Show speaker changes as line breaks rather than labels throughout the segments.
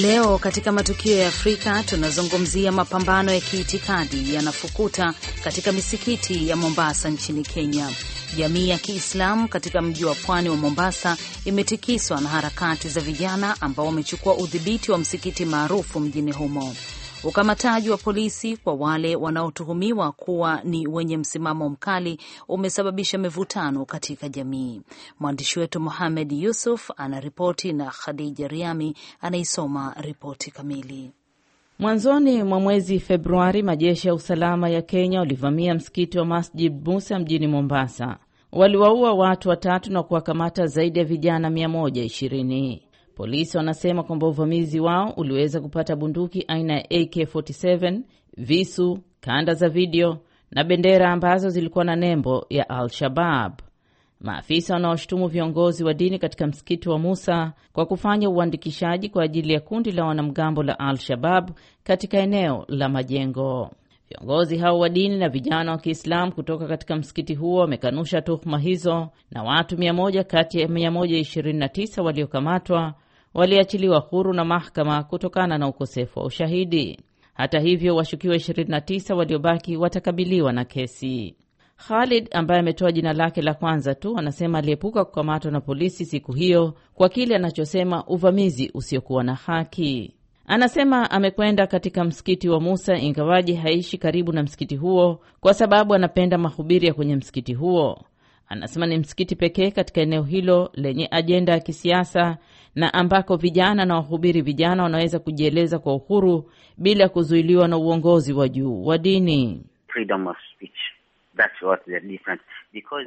Leo katika matukio ya Afrika tunazungumzia mapambano ya kiitikadi yanafukuta katika misikiti ya Mombasa nchini Kenya. Jamii ya Kiislamu katika mji wa pwani wa Mombasa imetikiswa na harakati za vijana ambao wamechukua udhibiti wa msikiti maarufu mjini humo. Ukamataji wa polisi kwa wale wanaotuhumiwa kuwa ni wenye msimamo mkali umesababisha mivutano katika jamii. Mwandishi wetu muhamed Yusuf anaripoti na Khadija Riami anaisoma ripoti kamili. Mwanzoni mwa mwezi Februari, majeshi ya usalama ya Kenya walivamia msikiti wa Masjid Musa mjini Mombasa. Waliwaua watu watatu na kuwakamata zaidi ya vijana 120. Polisi wanasema kwamba uvamizi wao uliweza kupata bunduki aina ya AK47, visu, kanda za video na bendera ambazo zilikuwa na nembo ya Al-Shabab. Maafisa wanaoshutumu viongozi wa dini katika msikiti wa Musa kwa kufanya uandikishaji kwa ajili ya kundi la wanamgambo la Al-Shabab katika eneo la majengo. Viongozi hao wa dini na vijana wa Kiislamu kutoka katika msikiti huo wamekanusha tuhuma hizo, na watu 100 kati ya 129 waliokamatwa waliachiliwa huru na mahakama kutokana na ukosefu wa ushahidi. Hata hivyo, washukiwa 29 waliobaki watakabiliwa na kesi. Khalid ambaye ametoa jina lake la kwanza tu anasema aliepuka kukamatwa na polisi siku hiyo kwa kile anachosema uvamizi usiokuwa na haki. Anasema amekwenda katika msikiti wa Musa ingawaji haishi karibu na msikiti huo kwa sababu anapenda mahubiri ya kwenye msikiti huo. Anasema ni msikiti pekee katika eneo hilo lenye ajenda ya kisiasa na ambako vijana na wahubiri vijana wanaweza kujieleza kwa uhuru bila kuzuiliwa na uongozi wa juu wa dini.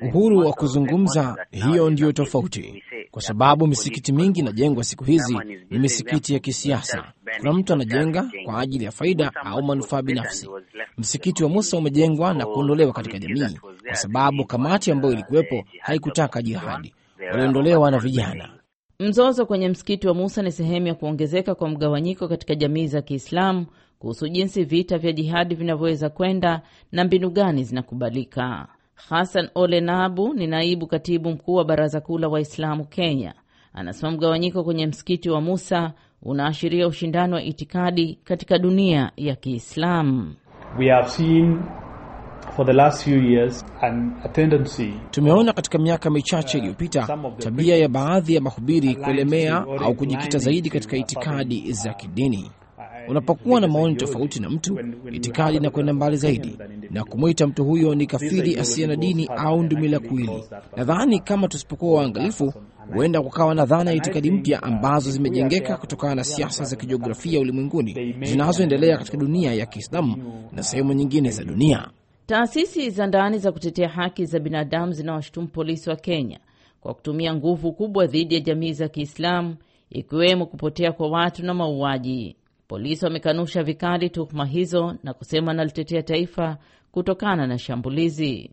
Uhuru wa kuzungumza, hiyo ndiyo tofauti,
kwa sababu misikiti mingi inajengwa siku hizi ni misikiti ya kisiasa. Kuna mtu anajenga kwa ajili ya faida au manufaa binafsi. Msikiti wa Musa umejengwa na kuondolewa katika jamii kwa sababu kamati ambayo ilikuwepo haikutaka jihadi, waliondolewa na vijana.
Mzozo kwenye msikiti wa Musa ni sehemu ya kuongezeka kwa mgawanyiko katika jamii za Kiislamu kuhusu jinsi vita vya jihadi vinavyoweza kwenda na mbinu gani zinakubalika. Hassan Ole Nabu ni naibu katibu mkuu wa Baraza Kuu la Waislamu Kenya, anasema mgawanyiko kwenye msikiti wa Musa unaashiria ushindani wa itikadi katika dunia ya Kiislamu.
For the last few years, tendency... Tumeona katika miaka michache uh, iliyopita tabia ya baadhi ya mahubiri kuelemea au kujikita zaidi katika itikadi za kidini. Unapokuwa na maoni tofauti na mtu, itikadi inakwenda mbali zaidi na kumwita mtu huyo ni kafiri asiye na dini au ndumila kuili. Nadhani kama tusipokuwa waangalifu, huenda kukawa na dhana ya itikadi mpya uh, ambazo zimejengeka kutokana na siasa za kijiografia ulimwenguni zinazoendelea katika dunia ya Kiislamu na sehemu nyingine za dunia.
Taasisi za ndani za kutetea haki za binadamu zinawashutumu polisi wa Kenya kwa kutumia nguvu kubwa dhidi ya jamii za Kiislamu ikiwemo kupotea kwa watu na mauaji. Polisi wamekanusha vikali tuhuma hizo na kusema analitetea taifa kutokana na shambulizi.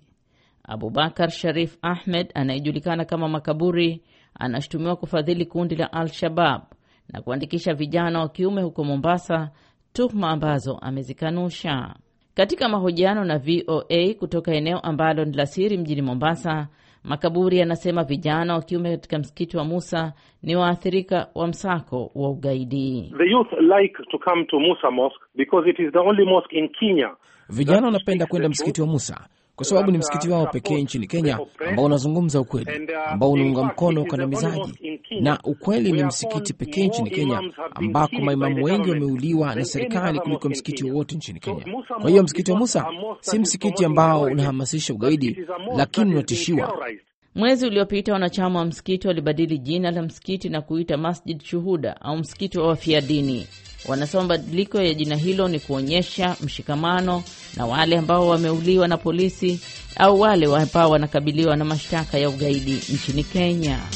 Abubakar Sharif Ahmed anayejulikana kama Makaburi anashutumiwa kufadhili kundi la Al-Shabab na kuandikisha vijana wa kiume huko Mombasa, tuhuma ambazo amezikanusha. Katika mahojiano na VOA kutoka eneo ambalo ni la siri mjini Mombasa, Makaburi anasema vijana wa kiume katika msikiti wa Musa ni waathirika wa msako wa ugaidi.
The youth like to come to Musa Mosque because it is the only mosque in Kenya.
Vijana wanapenda kwenda msikiti wa
Musa kwa sababu ni msikiti wao pekee nchini Kenya ambao unazungumza ukweli, uh, ambao unaunga mkono ukandamizaji na ukweli ni msikiti pekee nchini Kenya ambako maimamu wengi wameuliwa na serikali kuliko msikiti wowote nchini Kenya. Kwa hiyo msikiti wa Musa si msikiti ambao unahamasisha ugaidi, lakini unatishiwa.
Mwezi uliopita wanachama wa msikiti walibadili jina la msikiti na kuita Masjid Shuhuda au msikiti wa wafia dini. Wanasema mabadiliko ya jina hilo ni kuonyesha mshikamano na wale ambao wameuliwa na polisi au wale ambao wanakabiliwa na mashtaka ya ugaidi nchini Kenya.